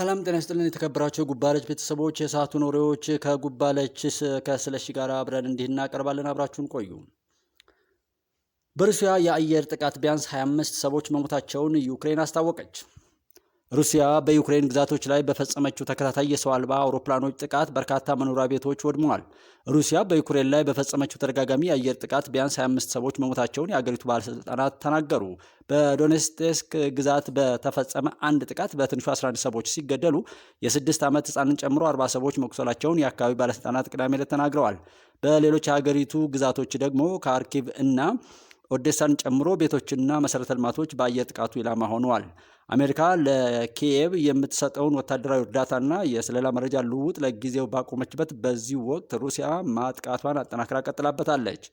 ሰላም ጤና ይስጥልን የተከበራቸው ጉባለች ቤተሰቦች፣ የሰዓቱ ኖሪዎች ከጉባለች ከስለሺ ጋር አብረን እንዲህ እናቀርባለን። አብራችሁን ቆዩ። በሩሲያ የአየር ጥቃት ቢያንስ 25 ሰዎች መሞታቸውን ዩክሬን አስታወቀች። ሩሲያ በዩክሬን ግዛቶች ላይ በፈጸመችው ተከታታይ የሰው አልባ አውሮፕላኖች ጥቃት በርካታ መኖሪያ ቤቶች ወድመዋል። ሩሲያ በዩክሬን ላይ በፈጸመችው ተደጋጋሚ የአየር ጥቃት ቢያንስ 25 ሰዎች መሞታቸውን የአገሪቱ ባለሥልጣናት ተናገሩ። በዶኔስቴስክ ግዛት በተፈጸመ አንድ ጥቃት በትንሹ 11 ሰዎች ሲገደሉ የስድስት ዓመት ሕፃንን ጨምሮ 40 ሰዎች መቁሰላቸውን የአካባቢ ባለሥልጣናት ቅዳሜ ዕለት ተናግረዋል። በሌሎች የአገሪቱ ግዛቶች ደግሞ ካርኪቭ እና ኦዴሳን ጨምሮ ቤቶችና መሠረተ ልማቶች በአየር ጥቃቱ ኢላማ ሆነዋል። አሜሪካ ለኪየቭ የምትሰጠውን ወታደራዊ እርዳታና የስለላ መረጃ ልውውጥ ለጊዜው ባቆመችበት በዚህ ወቅት ሩሲያ ማጥቃቷን አጠናክራ ቀጥላበታለች።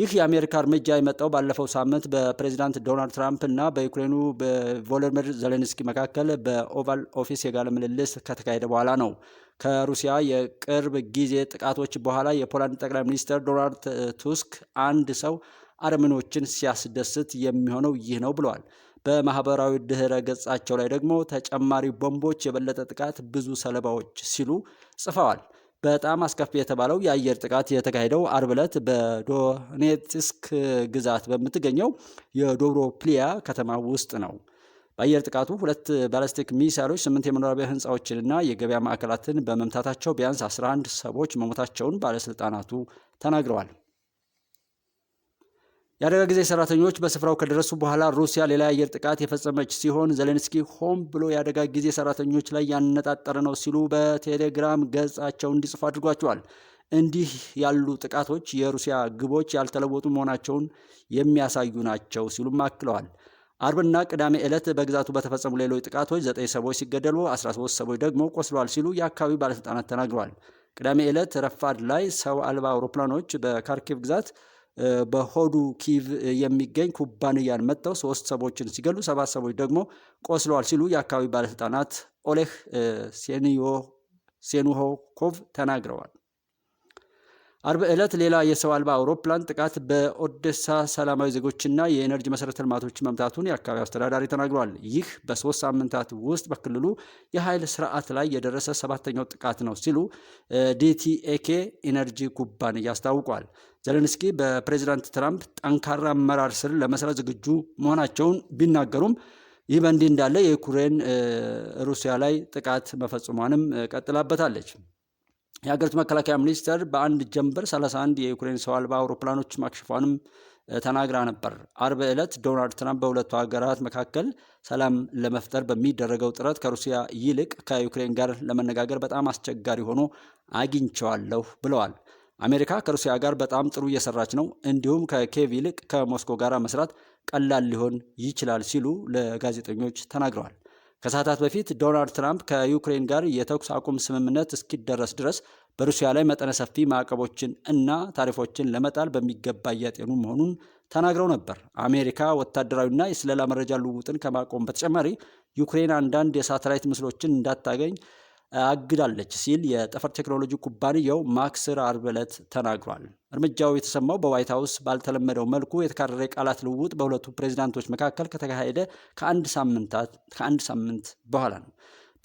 ይህ የአሜሪካ እርምጃ የመጣው ባለፈው ሳምንት በፕሬዚዳንት ዶናልድ ትራምፕ እና በዩክሬኑ በቮሎዲሚር ዜሌንስኪ መካከል በኦቫል ኦፊስ የጋለ ምልልስ ከተካሄደ በኋላ ነው። ከሩሲያ የቅርብ ጊዜ ጥቃቶች በኋላ የፖላንድ ጠቅላይ ሚኒስትር ዶናልድ ቱስክ አንድ ሰው አረምኖችን ሲያስደስት የሚሆነው ይህ ነው ብለዋል። በማህበራዊ ድህረ ገጻቸው ላይ ደግሞ ተጨማሪ ቦምቦች፣ የበለጠ ጥቃት፣ ብዙ ሰለባዎች ሲሉ ጽፈዋል። በጣም አስከፊ የተባለው የአየር ጥቃት የተካሄደው አርብ ዕለት በዶኔትስክ ግዛት በምትገኘው የዶብሮፕሊያ ከተማ ውስጥ ነው። በአየር ጥቃቱ ሁለት ባላስቲክ ሚሳይሎች ስምንት የመኖሪያ ህንፃዎችንና የገበያ ማዕከላትን በመምታታቸው ቢያንስ 11 ሰዎች መሞታቸውን ባለስልጣናቱ ተናግረዋል። የአደጋ ጊዜ ሰራተኞች በስፍራው ከደረሱ በኋላ ሩሲያ ሌላ የአየር ጥቃት የፈጸመች ሲሆን ዘሌንስኪ ሆን ብሎ የአደጋ ጊዜ ሰራተኞች ላይ ያነጣጠረ ነው ሲሉ በቴሌግራም ገጻቸው እንዲጽፉ አድርጓቸዋል። እንዲህ ያሉ ጥቃቶች የሩሲያ ግቦች ያልተለወጡ መሆናቸውን የሚያሳዩ ናቸው ሲሉም አክለዋል። አርብና ቅዳሜ ዕለት በግዛቱ በተፈጸሙ ሌሎች ጥቃቶች ዘጠኝ ሰዎች ሲገደሉ 13 ሰዎች ደግሞ ቆስለዋል ሲሉ የአካባቢው ባለሥልጣናት ተናግረዋል። ቅዳሜ ዕለት ረፋድ ላይ ሰው አልባ አውሮፕላኖች በካርኪቭ ግዛት በሆዱ ኪቭ የሚገኝ ኩባንያን መጥተው ሶስት ሰዎችን ሲገሉ ሰባት ሰዎች ደግሞ ቆስለዋል ሲሉ የአካባቢ ባለስልጣናት ኦሌህ ሴኑሆኮቭ ተናግረዋል። አርብ ዕለት ሌላ የሰው አልባ አውሮፕላን ጥቃት በኦዴሳ ሰላማዊ ዜጎችና የኤነርጂ መሰረተ ልማቶች መምታቱን የአካባቢው አስተዳዳሪ ተናግሯል። ይህ በሶስት ሳምንታት ውስጥ በክልሉ የኃይል ስርዓት ላይ የደረሰ ሰባተኛው ጥቃት ነው ሲሉ ዲቲኤኬ ኢነርጂ ኩባንያ አስታውቋል። ዘለንስኪ በፕሬዚዳንት ትራምፕ ጠንካራ አመራር ስር ለመስራት ዝግጁ መሆናቸውን ቢናገሩም ይህ በእንዲህ እንዳለ የዩክሬን ሩሲያ ላይ ጥቃት መፈጽሟንም ቀጥላበታለች። የሀገሪቱ መከላከያ ሚኒስቴር በአንድ ጀንበር 31 የዩክሬን ሰው አልባ አውሮፕላኖች ማክሸፏንም ተናግራ ነበር። አርብ ዕለት ዶናልድ ትራምፕ በሁለቱ ሀገራት መካከል ሰላም ለመፍጠር በሚደረገው ጥረት ከሩሲያ ይልቅ ከዩክሬን ጋር ለመነጋገር በጣም አስቸጋሪ ሆኖ አግኝቸዋለሁ ብለዋል። አሜሪካ ከሩሲያ ጋር በጣም ጥሩ እየሰራች ነው፣ እንዲሁም ከኬቭ ይልቅ ከሞስኮ ጋር መስራት ቀላል ሊሆን ይችላል ሲሉ ለጋዜጠኞች ተናግረዋል። ከሰዓታት በፊት ዶናልድ ትራምፕ ከዩክሬን ጋር የተኩስ አቁም ስምምነት እስኪደረስ ድረስ በሩሲያ ላይ መጠነ ሰፊ ማዕቀቦችን እና ታሪፎችን ለመጣል በሚገባ እያጤኑ መሆኑን ተናግረው ነበር። አሜሪካ ወታደራዊና የስለላ መረጃ ልውውጥን ከማቆም በተጨማሪ ዩክሬን አንዳንድ የሳተላይት ምስሎችን እንዳታገኝ አግዳለች ሲል የጠፈር ቴክኖሎጂ ኩባንያው ማክስር አርብ ዕለት ተናግሯል። እርምጃው የተሰማው በዋይት ሀውስ ባልተለመደው መልኩ የተካረረ የቃላት ልውውጥ በሁለቱ ፕሬዚዳንቶች መካከል ከተካሄደ ከአንድ ሳምንት በኋላ ነው።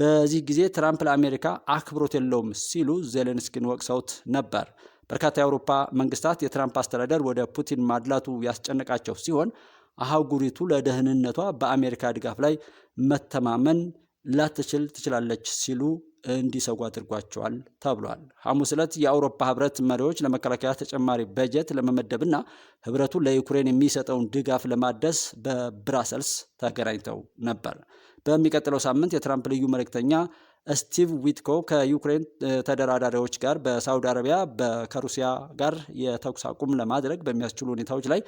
በዚህ ጊዜ ትራምፕ ለአሜሪካ አክብሮት የለውም ሲሉ ዜሌንስኪን ወቅሰውት ነበር። በርካታ የአውሮፓ መንግስታት የትራምፕ አስተዳደር ወደ ፑቲን ማድላቱ ያስጨነቃቸው ሲሆን አህጉሪቱ ለደህንነቷ በአሜሪካ ድጋፍ ላይ መተማመን ላትችል ትችላለች ሲሉ እንዲሰጉ አድርጓቸዋል ተብሏል። ሐሙስ ዕለት የአውሮፓ ህብረት መሪዎች ለመከላከያ ተጨማሪ በጀት ለመመደብና ህብረቱ ለዩክሬን የሚሰጠውን ድጋፍ ለማደስ በብራሰልስ ተገናኝተው ነበር። በሚቀጥለው ሳምንት የትራምፕ ልዩ መልእክተኛ ስቲቭ ዊትኮ ከዩክሬን ተደራዳሪዎች ጋር በሳውዲ አረቢያ ከሩሲያ ጋር የተኩስ አቁም ለማድረግ በሚያስችሉ ሁኔታዎች ላይ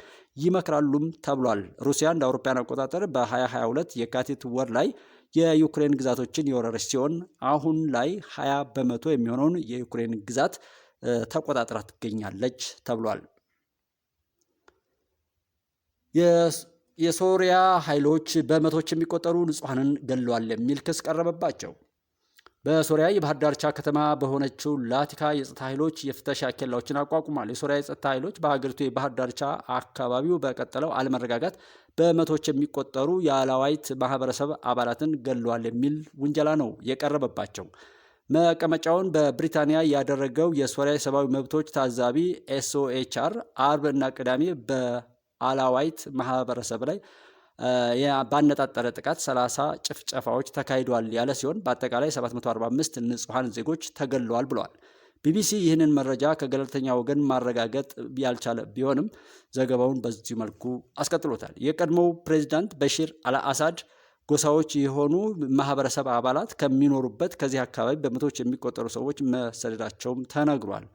ይመክራሉም ተብሏል። ሩሲያ እንደ አውሮፓውያን አቆጣጠር በ2022 የካቲት ወር ላይ የዩክሬን ግዛቶችን የወረረች ሲሆን አሁን ላይ ሀያ በመቶ የሚሆነውን የዩክሬን ግዛት ተቆጣጥራ ትገኛለች ተብሏል። የሶሪያ ኃይሎች በመቶዎች የሚቆጠሩ ንጹሐንን ገለዋል የሚል ክስ ቀረበባቸው። በሶሪያ የባህር ዳርቻ ከተማ በሆነችው ላቲካ የጸጥታ ኃይሎች የፍተሻ ኬላዎችን አቋቁሟል። የሶሪያ የጸጥታ ኃይሎች በሀገሪቱ የባህር ዳርቻ አካባቢው በቀጠለው አለመረጋጋት በመቶች የሚቆጠሩ የአላዋይት ማህበረሰብ አባላትን ገድለዋል የሚል ውንጀላ ነው የቀረበባቸው። መቀመጫውን በብሪታንያ ያደረገው የሶሪያ የሰብአዊ መብቶች ታዛቢ ኤስኦኤችአር አርብ እና ቅዳሜ በአላዋይት ማህበረሰብ ላይ ባነጣጠረ ጥቃት 30 ጭፍጨፋዎች ተካሂደዋል ያለ ሲሆን በአጠቃላይ 745 ንጹሐን ዜጎች ተገለዋል ብለዋል። ቢቢሲ ይህንን መረጃ ከገለልተኛ ወገን ማረጋገጥ ያልቻለ ቢሆንም ዘገባውን በዚህ መልኩ አስቀጥሎታል። የቀድሞው ፕሬዚዳንት በሺር አልአሳድ ጎሳዎች የሆኑ ማህበረሰብ አባላት ከሚኖሩበት ከዚህ አካባቢ በመቶዎች የሚቆጠሩ ሰዎች መሰደዳቸውም ተነግሯል።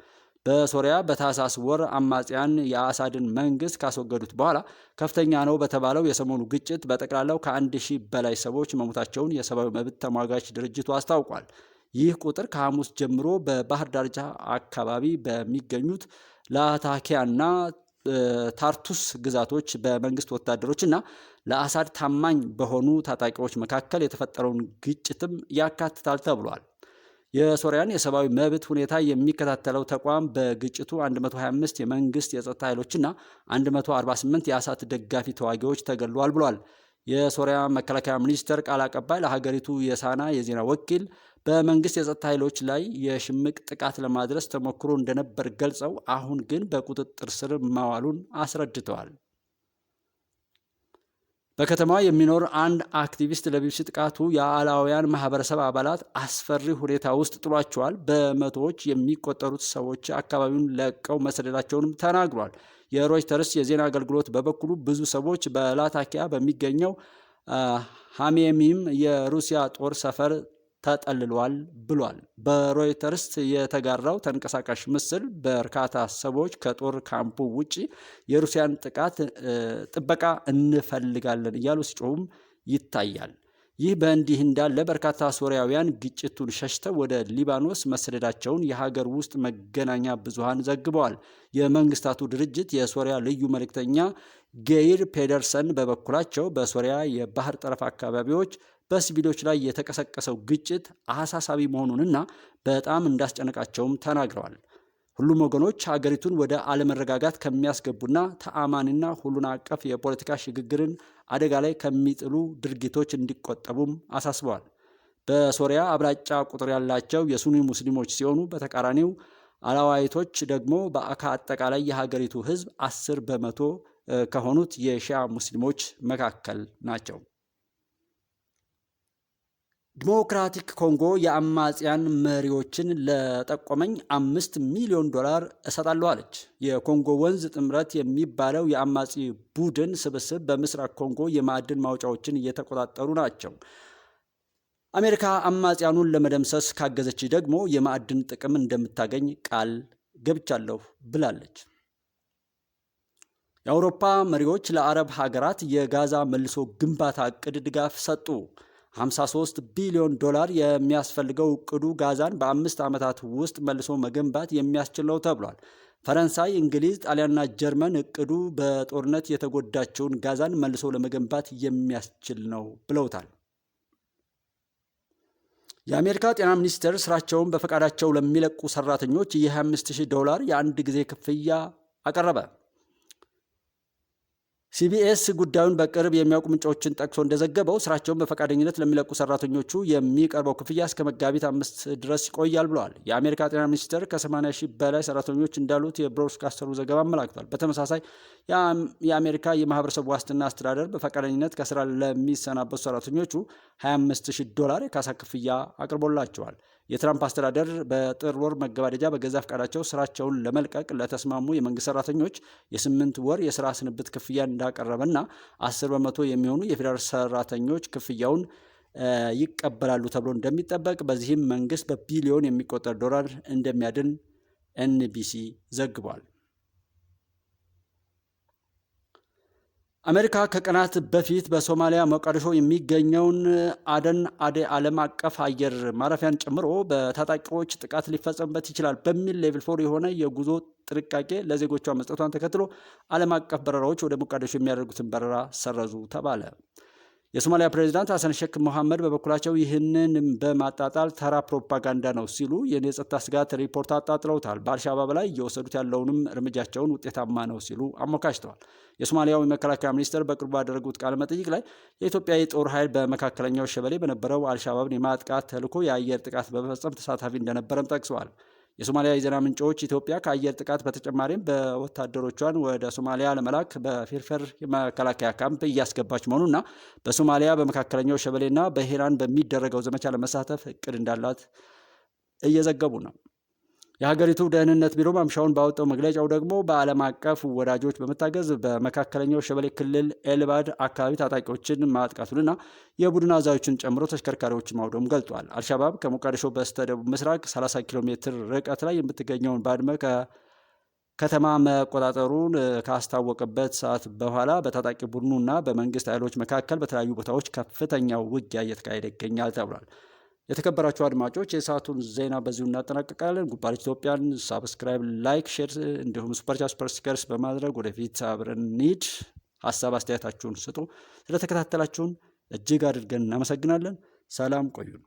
በሶሪያ በታህሳስ ወር አማጽያን የአሳድን መንግስት ካስወገዱት በኋላ ከፍተኛ ነው በተባለው የሰሞኑ ግጭት በጠቅላላው ከአንድ ሺህ በላይ ሰዎች መሞታቸውን የሰብአዊ መብት ተሟጋች ድርጅቱ አስታውቋል። ይህ ቁጥር ከሐሙስ ጀምሮ በባህር ዳርቻ አካባቢ በሚገኙት ላታኪያና ታርቱስ ግዛቶች በመንግስት ወታደሮች እና ለአሳድ ታማኝ በሆኑ ታጣቂዎች መካከል የተፈጠረውን ግጭትም ያካትታል ተብሏል። የሶሪያን የሰብአዊ መብት ሁኔታ የሚከታተለው ተቋም በግጭቱ 125 የመንግስት የጸጥታ ኃይሎችና 148 የአሳት ደጋፊ ተዋጊዎች ተገሏል ብሏል። የሶሪያ መከላከያ ሚኒስቴር ቃል አቀባይ ለሀገሪቱ የሳና የዜና ወኪል በመንግስት የጸጥታ ኃይሎች ላይ የሽምቅ ጥቃት ለማድረስ ተሞክሮ እንደነበር ገልጸው አሁን ግን በቁጥጥር ስር ማዋሉን አስረድተዋል። በከተማዋ የሚኖር አንድ አክቲቪስት ለቢቢሲ ጥቃቱ የአላውያን ማህበረሰብ አባላት አስፈሪ ሁኔታ ውስጥ ጥሏቸዋል፣ በመቶዎች የሚቆጠሩት ሰዎች አካባቢውን ለቀው መሰደዳቸውንም ተናግሯል። የሮይተርስ የዜና አገልግሎት በበኩሉ ብዙ ሰዎች በላታኪያ በሚገኘው ሃሜሚም የሩሲያ ጦር ሰፈር ተጠልሏል ብሏል። በሮይተርስ የተጋራው ተንቀሳቃሽ ምስል በርካታ ሰዎች ከጦር ካምፑ ውጭ የሩሲያን ጥቃት ጥበቃ እንፈልጋለን እያሉ ሲጮሁም ይታያል። ይህ በእንዲህ እንዳለ በርካታ ሶሪያውያን ግጭቱን ሸሽተው ወደ ሊባኖስ መሰደዳቸውን የሀገር ውስጥ መገናኛ ብዙሃን ዘግበዋል። የመንግስታቱ ድርጅት የሶሪያ ልዩ መልእክተኛ ጌይር ፔደርሰን በበኩላቸው በሶሪያ የባህር ጠረፍ አካባቢዎች በሲቪሎች ላይ የተቀሰቀሰው ግጭት አሳሳቢ መሆኑንና በጣም እንዳስጨነቃቸውም ተናግረዋል። ሁሉም ወገኖች ሀገሪቱን ወደ አለመረጋጋት ከሚያስገቡና ተአማኒና ሁሉን አቀፍ የፖለቲካ ሽግግርን አደጋ ላይ ከሚጥሉ ድርጊቶች እንዲቆጠቡም አሳስበዋል። በሶሪያ አብላጫ ቁጥር ያላቸው የሱኒ ሙስሊሞች ሲሆኑ በተቃራኒው አላዋይቶች ደግሞ ከአጠቃላይ የሀገሪቱ ሕዝብ አስር በመቶ ከሆኑት የሺያ ሙስሊሞች መካከል ናቸው። ዲሞክራቲክ ኮንጎ የአማጽያን መሪዎችን ለጠቆመኝ አምስት ሚሊዮን ዶላር እሰጣለሁ አለች። የኮንጎ ወንዝ ጥምረት የሚባለው የአማጺ ቡድን ስብስብ በምስራቅ ኮንጎ የማዕድን ማውጫዎችን እየተቆጣጠሩ ናቸው። አሜሪካ አማጽያኑን ለመደምሰስ ካገዘች ደግሞ የማዕድን ጥቅም እንደምታገኝ ቃል ገብቻለሁ ብላለች። የአውሮፓ መሪዎች ለአረብ ሀገራት የጋዛ መልሶ ግንባታ እቅድ ድጋፍ ሰጡ። 53 ቢሊዮን ዶላር የሚያስፈልገው እቅዱ ጋዛን በአምስት ዓመታት ውስጥ መልሶ መገንባት የሚያስችል ነው ተብሏል። ፈረንሳይ፣ እንግሊዝ፣ ጣሊያንና ጀርመን እቅዱ በጦርነት የተጎዳቸውን ጋዛን መልሶ ለመገንባት የሚያስችል ነው ብለውታል። የአሜሪካ ጤና ሚኒስቴር ስራቸውን በፈቃዳቸው ለሚለቁ ሰራተኞች የ 25000 ዶላር የአንድ ጊዜ ክፍያ አቀረበ። ሲቢኤስ ጉዳዩን በቅርብ የሚያውቁ ምንጮችን ጠቅሶ እንደዘገበው ስራቸውን በፈቃደኝነት ለሚለቁ ሰራተኞቹ የሚቀርበው ክፍያ እስከ መጋቢት አምስት ድረስ ይቆያል ብለዋል። የአሜሪካ ጤና ሚኒስቴር ከ80 ሺህ በላይ ሰራተኞች እንዳሉት የብሮድካስተሩ ዘገባ አመላክቷል። በተመሳሳይ የአሜሪካ የማህበረሰብ ዋስትና አስተዳደር በፈቃደኝነት ከስራ ለሚሰናበቱ ሰራተኞቹ 25 ሺህ ዶላር የካሳ ክፍያ አቅርቦላቸዋል። የትራምፕ አስተዳደር በጥር ወር መገባደጃ በገዛ ፈቃዳቸው ስራቸውን ለመልቀቅ ለተስማሙ የመንግስት ሰራተኞች የስምንት ወር የስራ ስንብት ክፍያ እንዳቀረበና አስር በመቶ የሚሆኑ የፌዴራል ሰራተኞች ክፍያውን ይቀበላሉ ተብሎ እንደሚጠበቅ በዚህም መንግስት በቢሊዮን የሚቆጠር ዶላር እንደሚያድን ኤንቢሲ ዘግቧል። አሜሪካ ከቀናት በፊት በሶማሊያ ሞቃዲሾ የሚገኘውን አደን አዴ ዓለም አቀፍ አየር ማረፊያን ጨምሮ በታጣቂዎች ጥቃት ሊፈጸምበት ይችላል በሚል ሌቭል ፎር የሆነ የጉዞ ጥንቃቄ ለዜጎቿ መስጠቷን ተከትሎ ዓለም አቀፍ በረራዎች ወደ ሞቃዲሾ የሚያደርጉትን በረራ ሰረዙ ተባለ። የሶማሊያ ፕሬዚዳንት ሀሰን ሼክ መሐመድ በበኩላቸው ይህንን በማጣጣል ተራ ፕሮፓጋንዳ ነው ሲሉ የጸጥታ ስጋት ሪፖርት አጣጥለውታል። በአልሻባብ ላይ እየወሰዱት ያለውንም እርምጃቸውን ውጤታማ ነው ሲሉ አሞካሽተዋል። የሶማሊያው የመከላከያ ሚኒስትር በቅርቡ ባደረጉት ቃለ መጠይቅ ላይ የኢትዮጵያ የጦር ኃይል በመካከለኛው ሸበሌ በነበረው አልሻባብን የማጥቃት ተልዕኮ የአየር ጥቃት በመፈጸም ተሳታፊ እንደነበረም ጠቅሰዋል። የሶማሊያ የዜና ምንጮች ኢትዮጵያ ከአየር ጥቃት በተጨማሪም በወታደሮቿን ወደ ሶማሊያ ለመላክ በፊርፌር መከላከያ ካምፕ እያስገባች መሆኑና በሶማሊያ በመካከለኛው ሸበሌና በሄራን በሚደረገው ዘመቻ ለመሳተፍ እቅድ እንዳላት እየዘገቡ ነው። የሀገሪቱ ደህንነት ቢሮ ማምሻውን ባወጣው መግለጫው ደግሞ በዓለም አቀፍ ወዳጆች በመታገዝ በመካከለኛው ሸበሌ ክልል ኤልባድ አካባቢ ታጣቂዎችን ማጥቃቱንና የቡድን አዛዦችን ጨምሮ ተሽከርካሪዎችን ማውደሙን ገልጧል። አልሻባብ ከሞቃዲሾ በስተደቡብ ምስራቅ 30 ኪሎ ሜትር ርቀት ላይ የምትገኘውን ባድመ ከተማ መቆጣጠሩን ካስታወቀበት ሰዓት በኋላ በታጣቂ ቡድኑና በመንግስት ኃይሎች መካከል በተለያዩ ቦታዎች ከፍተኛ ውጊያ እየተካሄደ ይገኛል ተብሏል። የተከበራችሁ አድማጮች የሰዓቱን ዜና በዚሁ እናጠናቀቃለን። ጉባለች ኢትዮጵያን ሳብስክራይብ፣ ላይክ፣ ሼር እንዲሁም ሱፐርቻ ሱፐርስቲከርስ በማድረግ ወደፊት አብረን እንሂድ። ሀሳብ አስተያየታችሁን ስጡ። ስለተከታተላችሁን እጅግ አድርገን እናመሰግናለን። ሰላም ቆዩን።